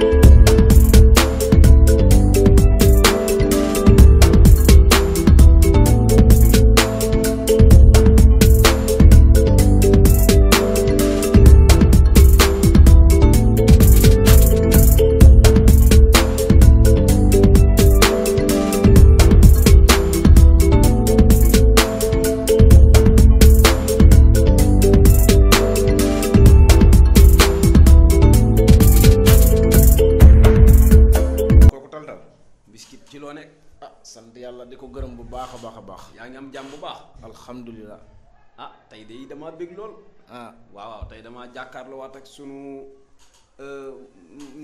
Thank you. am bu baax. alhamdulilah. ah tey de damaa bëgg lool. Ah. waaw waaw tey damaa jàkkaarloowaat ak sunu. Euh,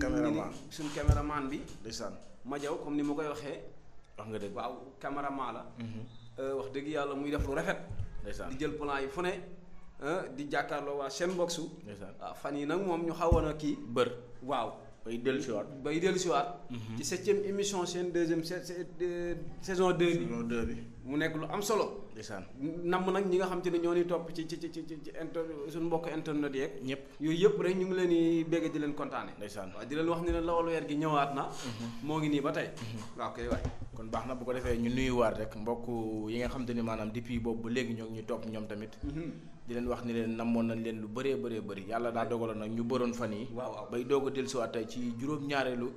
caméraman sunu caméraman bi. ndeysaan ma jaw comme ni ma koy waxee. wax nga dëgg waaw caméraman la. Mm-hmm. Euh, wax dëgg yàlla muy def lu rafet. ndeysaan di jël plan yi fu ne. Euh, di jàkkaarloo waa seen boxu. ndeysaan ah, fan yi nag moom ñu xawoon a kii. bër waaw. bay del mhm. ci wat bay del ci ci 7e émission sen 2 saison 2 bi saison 2 bi mu nek lu am solo ndeysaan nam nak ñi nga xam ci ne ñoo top ci ci ci ci ci sun mbokk internet yek ñep yoy yep rek ñu ngi leen di bégg di leen contané ndeysaan wa di leen wax ni la wal wer gi ñëwaat na mhm. mo ngi ni batay mhm. wa kay way kon baax na bu ko defee ñu nuyuwaat rek mbokk yi nga xam te maanaam depuis boobu ba léegi ñoo ñu topp ñoom tamit. Mhm. di leen wax ni leen namoon nañ leen lu bëree bëree bëri yàlla daa dogaloon nag ñu bëroon fan yi waaw bay doog a dellusiwaat tey ci juróom-ñaareelu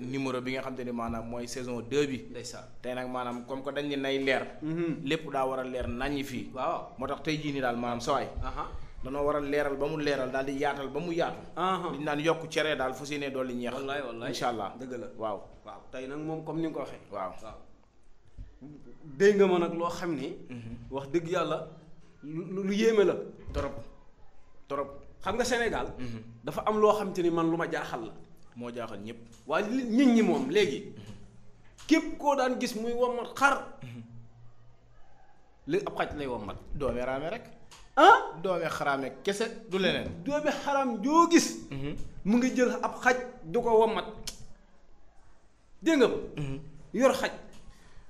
numéro bi nga xam te ni maanaam mooy saison 2 bi. ndeysaan tey nag maanaam comme que dañ ni nay leer. Mhm. lépp daa war a leer naññi fii. waaw moo tax tey jii nii daal maanaam sawaay danoo war a leeral ba mu leeral daal di yaatal ba mu yaatu. li naan yokk cere daal fas yéene dolli ñeex. wallaay wallaay incha allah dëgg la waaw. waaw tey nag moom comme ni nga ko waxee. waaw waaw. dégg nga nag loo xam ni. Mhm. wax dëgg yàlla lu lu yéeme la. torop torop. xam nga Sénégal. Mhm. dafa am loo xam te ni man lu ma jaaxal la. moo jaaxal ñépp waaye nit ñi moom léegi. Mhm. képp koo daan gis muy womat xar. li ab xaj lay womat. doomeeraame rek. ah doome xaraame kese du leneen doome xaraam joo gis mhm. mu ngi jël ab xaj du ko wommat dégg nga mhm. yor xaj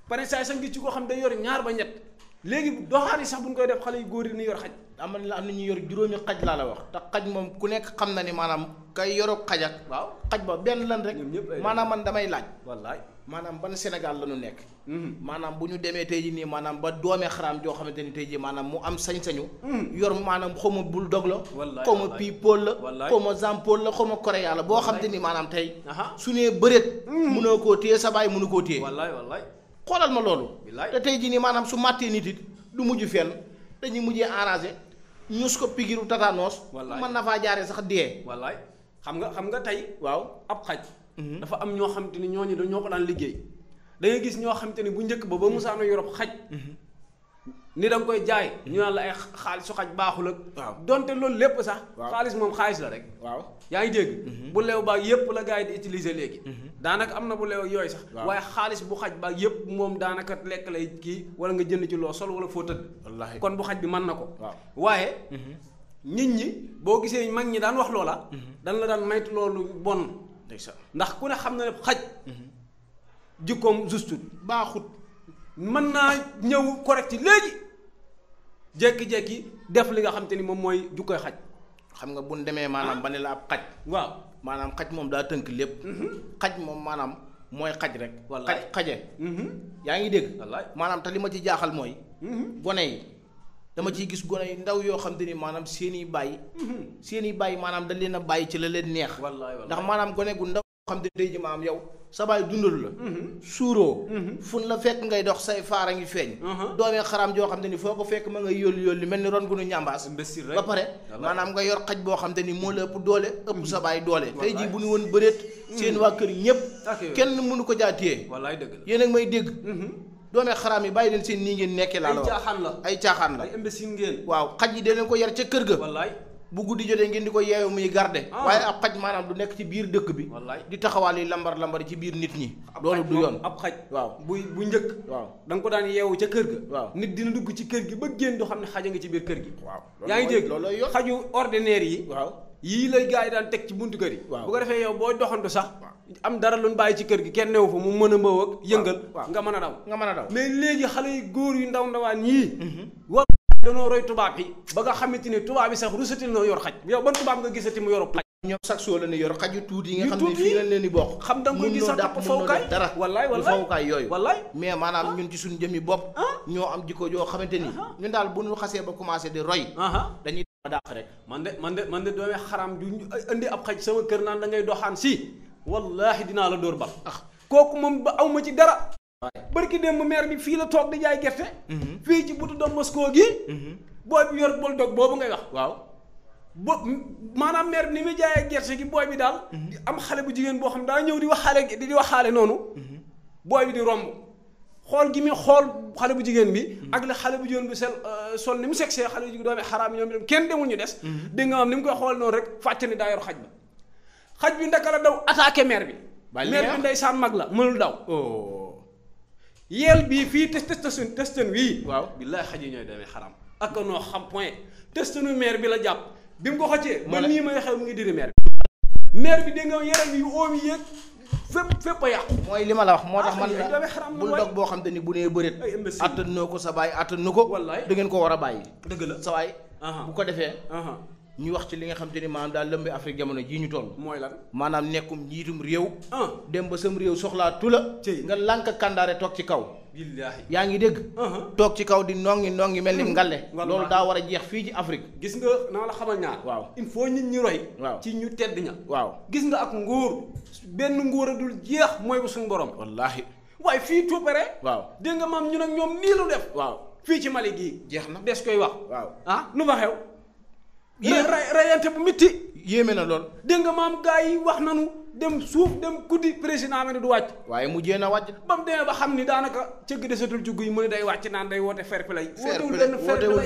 pare saay sax ngi ci koo xam day yor ñaar ba ñett léegi doxaan yi sax bu ñu koy def xale yu góor yi ni yor xaj amal la am na ñu yor juróomi xaj laa la wax te xaj moom ku nekk xam na ni maanaam kay yoroo xaj waaw xaj ba benn lan rek maanaam man damay laaj wallaay maanaam ban Sénégal la ñu nekk. Mhm. maanaam bu ñu demee tey ji nii maanaam ba doomee xaraam joo xamante ni tey jii maanaam mu am sañ-sañu. Mhm. yor maanaam xaw ma bul dog la. wallaay xaw ma pii pôl la. wallaay xaw ma zampol la xaw ma koréa la boo xamante ni maanaam tey. su nee bëreet. Mhm. mënoo koo téye sa baay mënu koo téye. wallaay wallaay xoolal ma loolu. te tey jii nii maanaam su màttee nit it du mujj fenn dañuy mujjee ñu ñus ko pigiru tatanoos. wallaay mën na faa jaaree sax di wallaay xam nga xam nga tey. waaw ab xaj Mhm. dafa am ñoo xamante ni ñoo ñooñu dañoo ko daan liggéey da gis ñoo xamante ni bu njëkk ba ba musaana mhm. Europe xaj mhm. ni da koy jaay ñu naan la ay xaalis su xaj baaxul ak donte loolu lépp sax xaalis moom xaalis la rek waaw ngi dégg bu leew baag yépp la gaa yi di utilise léegi daanaka am na bu leew yooy sax waaye xaalis bu xaj baag yépp moom daanaka lekk lay kii wala nga jënd ci loo sol wala foo tëdd kon bu xaj bi mën na ko waaye nit ñi boo gisee mag ñi daan wax loola la daan maytu loolu bon ndax ku ne xam na ne xaj jikkoom justul baaxut mën naa ñëw correct léegi jékki-jékki def li nga xam te ni moom mooy jukkoy xaj xam nga buñ demee maanaam ba ne la ab xaj waaw maanaam xaj moom daa tënk lépp mhm. xaj moom maanaam mooy xaj rek xaj xaje mhm. yaa ngi dégg maanaam te li ma ci jaaxal mooy mhm. gone yi dama ci gis gone yu ndaw yoo xam te ni maanaam seeni i bàyyi seen i bàyyi maanaam dañ leen a bàyyi ci la leen neex ndax maanaam gone gu ndaw xam te day ji maam yow sa baay dundalu la mhm. suuroo mhm. fun la fekk ngay dox say faara ngi feeñ uh-huh. doomee xaraam joo xam ne ni foo ko fekk ma nga yóolu yóolu mel ni ron gu nu ñambaas ba pare maanaam nga yor xaj boo xam ne ni moo la ëpp doole ëpp sa baay doole tey jii bu ñu woon bëreet mhm. seen waa kër ñépp kenn mënu ko jaatiyee yéen ak may dégg doome xaraam yi bàyyi leen seen nii ngeen nekkee laa la wax ay caaxaan waaw xaj yi dee leen ko yar ca kër ga wallaay bu guddi jotee ngeen di ko yeewu muy garde ah. waaye ab xaj maanaam du nekk ci biir dëkk bi di taxawaal yi lambar lambari ci biir nit ñi loolu du yoon ab xaj waaw bu bu njëkk waaw da ko daan yeewu ca kër ga waaw nit dina dugg ci kër gi ba génn doo xam ne xaja nga ci biir kër gi waaw yaa ngi dégg xaju ordinaire yi waaw yii lay gars yi daan teg ci buntu kër yi. bu ko defee yow boo doxantu sax. am dara lu ñu bàyyi ci kër gi kenn newu fa mu mën a mbaw ak yëngal. nga mën a daw nga mën a daw. mais léegi xale yu góor yu ndaw ndawaan yii. Mhm. war danoo roy tubaab yi. ba nga xamante ni tubaab yi sax rusatil noo yor xaj. yow ban tubaab nga gisati mu yorub xaj. ñoom sax soo leen yor xaju tuuti yi nga xam ne fii lañ leen di bokk xam da nga ko gis sax dàpp fawukaay dara wallaay wallaay fawukaay yooyu wallaay mais maanaam ah. ñun ci suñu jëmmi bopp ah. ñoo yoo xamante ni ah. ñun daal bu ñu xasee ba commencé di roy dañuy ma dàq rek man de man de man de doome xaram ju indi ab xaj sama kër naan da ngay doxaan si wallaahi dinaa la dóor bal ah. kooku moom ba awma ci dara bërki mu maire bi fii la toog di jaay gerte mm-hmm. fii ci butu dom moskoo gi mm-hmm. booy bi yor bol dog boobu ngay wax waaw bo maanaam maire bi ni muy jaayee gerte gi booy bi daal mm-hmm. am xale bu jigéen boo xam daa ñëw di waxaale di waxaale noonu booy bi di romb xool gi muy xool xale bu jigéen bi ak la xale bu jigéen bi sel euh, sol ni mu sexee xale bu jigéen doomi xaraam ñoom itam kenn demul ñu des mm-hmm. dégg nga am ni mu koy xool noonu rek fàcc ni daa yor xaj bi ndaka la daw attaqué maire bi maire bi ndeysaan mag la mënul daw oh. yeel bii fii te testosterone testosterone wii waaw billaay xaj yi ñooy doomi xaraam ak noo xam point testosterone maire bi la jàpp bi mu ko xëccee ba nii may xew mu ngi diri maire bi maire bi dégg nga yaram yu óom fépp fépp a yàqu. mooy li ma la wax moo tax ah, man la bul dog boo xam ne ni bu nee bëreet. attan noo ko sa bàyyi attan nu ko. wallaay da ngeen ko war a bàyyi. dëgg la sa waay. bu ko defee. ñu wax ci li nga xam te ni maanaam daal lëmbe Afrique jamono jii ñu toll. mooy lan maanaam nekkum njiitum réew. Ah. dem ba sam réew soxlaa la nga lànk kàndaare toog ci kaw. yaa ngi dégg. Uh-huh. toog ci kaw di nongi nongi mel ni hmm. ngalle loolu daa war a jeex fii ci Afrique. gis nga naa la xamal ñaar. waaw il faut nit ñi roy. ci ñu tedd ña. waaw gis nga ak nguur benn nguur a dul jeex mooy ba suñu borom. wallaahi waaye fii tuupare. waaw dégg maam ñu nag ñoom nii lu def. waaw fii ci Mali gii. jeex na des koy wax. waaw ah nu yéen rayante bu mitti yéeme na lool dégg nga maam gars yi wax nanu dem suuf dem guddi président bi ne du wàcc waaye mujjee na wàcc ba mu demee ba xam ni daanaka cëgg desatul jugg mu ne day wàcc naan day woote fair play wootewul benn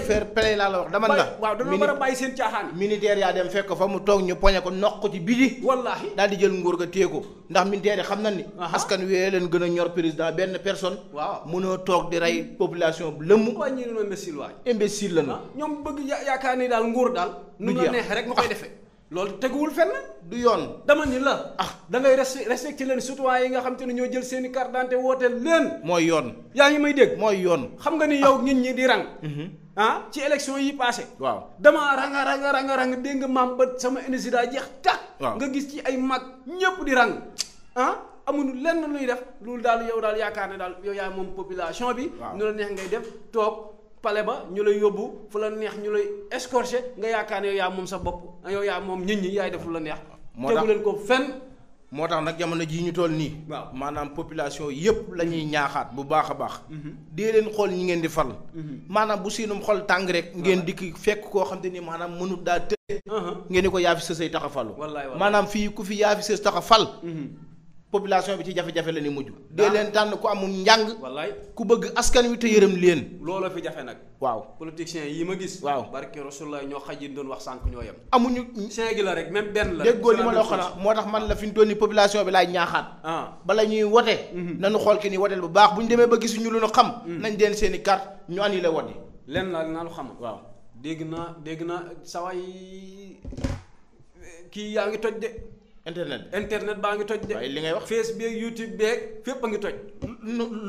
fair play laa la wax dama na waaw dañoo war a bàyyi seen caaxaan militaire yaa dem fekk fa mu toog ñu poñe ko noq ci biti wallaahi daal di jël nguur ga téye ko ndax militaire yi xam na ni askan wee leen gën a ñor président benn personne waaw noo toog di rey population bu lëmm waa ñi imbécile waay imbécile na ah, ñoom bëgg yaakaar ni daal nguur daal nu la rek nga koy ah. defee loolu teguwul fenn. du yoon dama ni la. ah da ngay respecté leen citoyen yi nga xam te ne ñoo jël seeni i carte d'identité woote leen. mooy yoon. yaa ngi may dégg. mooy yoon. xam nga ni yow ah. nit ñi di rang. Mm-hmm. ah ci élection yi passé waaw damaa ranga ranga ranga rang dégg nga maam ba sama énergie daa jeex tàq. waaw nga gis ci ay mag ñëpp di rang ah. amuñu lenn luy def loolu daal yow daal yaakaar ne daal yow yaay moom population bi. waaw nu la neex ngay def toog. pale ba ñu lay yóbbu fu la neex ñu lay escorcher nga yaakaar ne yow yaa moom sa bopp yow yaa moom nit ñi yaay deful la neex. moo tax tegu leen ko fenn. moo tax nag jamono jii ñu toll nii. waaw maanaam population yëpp la ñuy ñaaxaat bu baax a baax. Mhm. dee leen xool ñi ngeen di fal. Mhm. maanaam bu siinum xol tàng rek. ngeen dikk fekk koo xam te ni maanaam mënut daa tëj. Uh-huh. ngeen di ko yaa fi sësay tax a falu. maanaam fii ku fi yaa fi sës tax a fal. Mhm. population bi ci jafe-jafe la mujj. dee leen tànn ku amum njàng. wallaay ku bëgg askan wi te yërëm leen. looloo fi jafe nag. waaw politiciens yi ma gis. waaw barke Rasulullah ñoo xaj yi doon wax sànq ñoo yem. amuñu. cinq la rek même benn la. déggoo li ma la moo tax man la fi ñu toll nii population bi laay ñaaxaat. Ah. bala ñuy wote. Mhm. nañu xool ki ni woteel bu baax bu ñu demee ba gisuñu lu ñu xam. Mhm. nañ leen seen i carte ñu annulé wote. lenn la naa lu xam. waaw dégg na dégg naa saway kii yaa ngi toj internet internet baa ngi toj de. waaye li ngay wax face beeg youtube beeg fépp a ngi toj.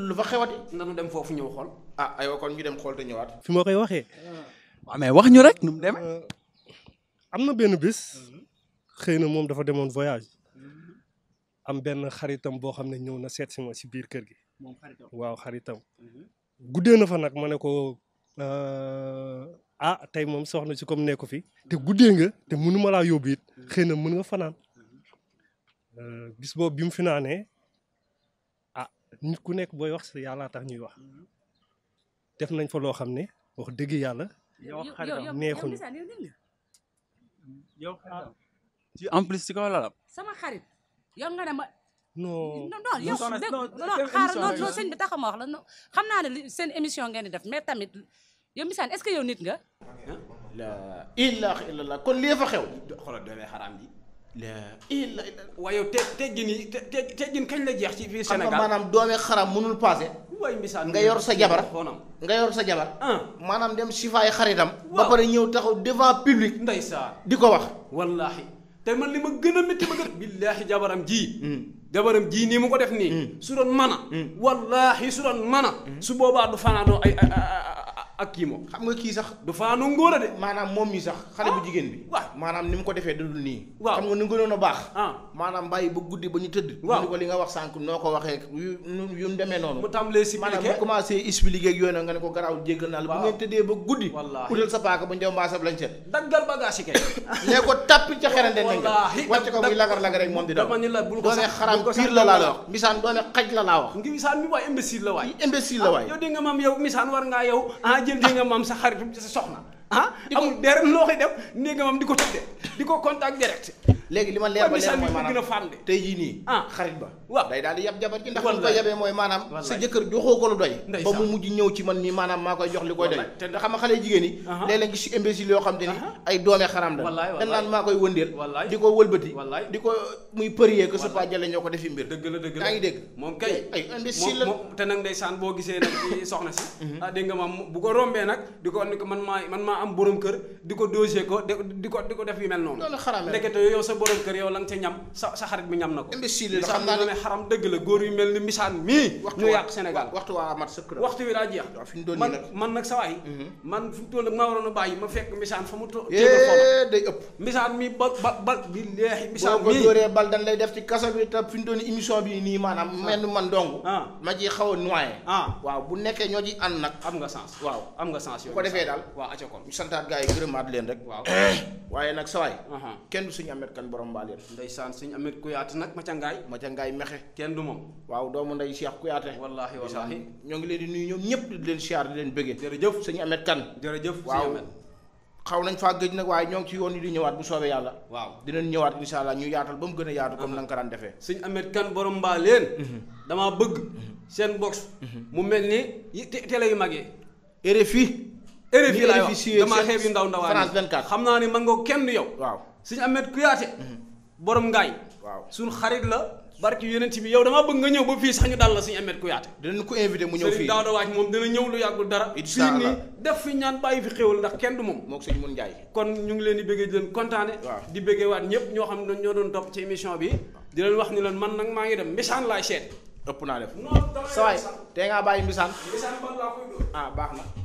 lu fa xewati. nanu dem foofu ñëw xool. ah aywa kon ñu dem xool te ñëwaat. fi ma koy waxee. waaw wax ñu rek nu mu demee. Euh, am na benn bis. xëy na moom dafa demoon voyage. am benn xaritam boo xam ne ñëw na seet si ma si biir kër gi. moom waaw xaritam. Mhm. guddee na fa nag ma ne ko. Euh, ah tey moom soxna si comme nekku fi. te guddee nga te mënuma laa yóbbu it. Mhm. xëy na mën nga fanaan. Euh, bis boobu bi mu fi naa naanee ah nit ku nekk booy wax yàlla tax ñuy wax mhm. def nañ fa loo xam ne wax dëgg yàlla. yow neexuñu yow ah. ci en plus ci kaw xarit yow nga ne ma. non non yow non xaaral non non sëñ bi tax ma wax la non xam naa ne seen émission ngeen di def mais tamit yow Mbissane est-ce que yow nit nga. la ilaha kon lii xew. xoolal doole xaraam la illa illa waaye te teggin yi te teggin kañ la jeex ci fii Sénégal maanaam doomee xaram mënul passé way misaal nga yor sa jabar nga yor sa jabar maanaam dem sifaay xaritam ba pare ñëw taxaw devant public ndeysaan di ko wax wallaahi te man li ma gën a métti ma gën billaahi jabaram ji jabaram jii nii mu ko def nii su doon mën a wallaahi su doon mën a su boobaa du fanaanoo ay ak kii moom xam nga ki sax du fa ngóor a de manam mom mi sax xale bu ah, jigen bi waaw maanaam ni ko defé dudul ni xam nga ni gënoon a baax ah maanaam bàyyi ba guddi ba ñu tëdd waaw ko li nga wax sank noko waxé waxee yu yu mu demee noonu mu tàmbalee si maanaam mu commencé expliquer ak yooyu nga ne ko graw djéggal na bu ngeen teudé ba guddi kudel sa paaka bu ndew mbassab lañ ci daggal bagage yi kay nee ko tàpp ca xerante nañ wacc ko muy lagar lagar rek mom di do dama la bu ko sax xaram piir la la wax misan do doone xaj la la wax ngi misan mi waay imbécile la waay imbécile la ah, waay yow dégg nga mam yow misan war nga yow ah, jël néegamam sa xaritum ci sa soxna ah amul deret loo koy def néegamam di ko tëddee di ko contact direct légui lima leer ba leer moy manam tay yi ni xarit ba day dal yab jabar ji ndax li ko yabé moy manam sa jëkkër joxoo ko lu doy ba mu mujj ñëw ci man ni manam ma koy jox li koy doy té nga xam nga jigéen yi lé léeg nga ci imbécile yoo xam te ay doomé xaram la dañ naan ma koy wëndeel diko wëlbeuti diko muy përie que ce pas jale ñoko ko defi mbir dëgg la dëgg la yaa ngi dégg moom kay ay imbécile la te nag ndeysaan boo gisee nag ci soxna ci mhm. ah, dégg nga maam bu ko rombé nak diko ko man ma man ma am borom kër di ko dosé ko di ko di ko def yu mel sa borom kër yow la nga ca ñam sa sa xarit bi ñam na ko imbécile la xaram dëgg la góor yu mel ni misaan mii waxtu waa mat sa waay mhm. a eh, ba ba ba bi leexi misaan mii boo ko lay def ci kaso bi te fi mu toll bi nii maanaam ah. mel man ah. ma xaw a noyé ah waaw bu nekkee ñoo ci ànd nag am nga sens waaw am nga sens yow ko defee daal waaw aca kon ñu santaat gars yi gërëmaat leen rek waaw waaye nag sa kenn du suñu amet kan borom mbaaleet ndeysaan sëñ Amet Kuyaate nag Macangaay Macangaay mexe kenn du moom waaw doomu nday Cheikh Kuyaate wallaahi wallaahi ñoo ngi leen di nuyu ñoom ñëpp di leen siyaar di leen bëggee jërëjëf sëñ Amet Kan jërëjëf waaw xaw nañ faa gëj nag waaye ñoo ngi ci yoon yi di ñëwaat bu soobee yàlla waaw dinañ ñëwaat insha allah ñu yaatal ba mu gën a yaatu comme na nga ko daan defee sëñ Amet Kan borom mbaaleen mhm. damaa bëgg mhm. seen box mhm. mu mel ni télé yu mag yi RFI RFI wax damaa xeeb yu ndaw ndawaan France 24 xam naa ne man kenn yow waaw sëñ Ahmed Kuyaate mhm. boroom ngaay waaw suñ xarit la barki yonent bi yow damaa bëgg nga ñëw ba fii sax ñu dal la sëñ Ahmed Kuyaate dinañ ko invité mu ñëw fii daaw da waaj moom dina ñëw lu yàggul dara fii nii def fi ñaan bàyyi fi xéwal ndax kenn du moom mook sëñ Mun Njaay kon ñu ngi leen di bëggee di leen kontaane di bëggee waat ñëpp ñoo xam ne ñoo doon topp ci émission bi di leen wax ni leen man nag maa ngi dem misaan laay seet ëpp naa def sawaay te ngaa bàyyi misaan ah baax na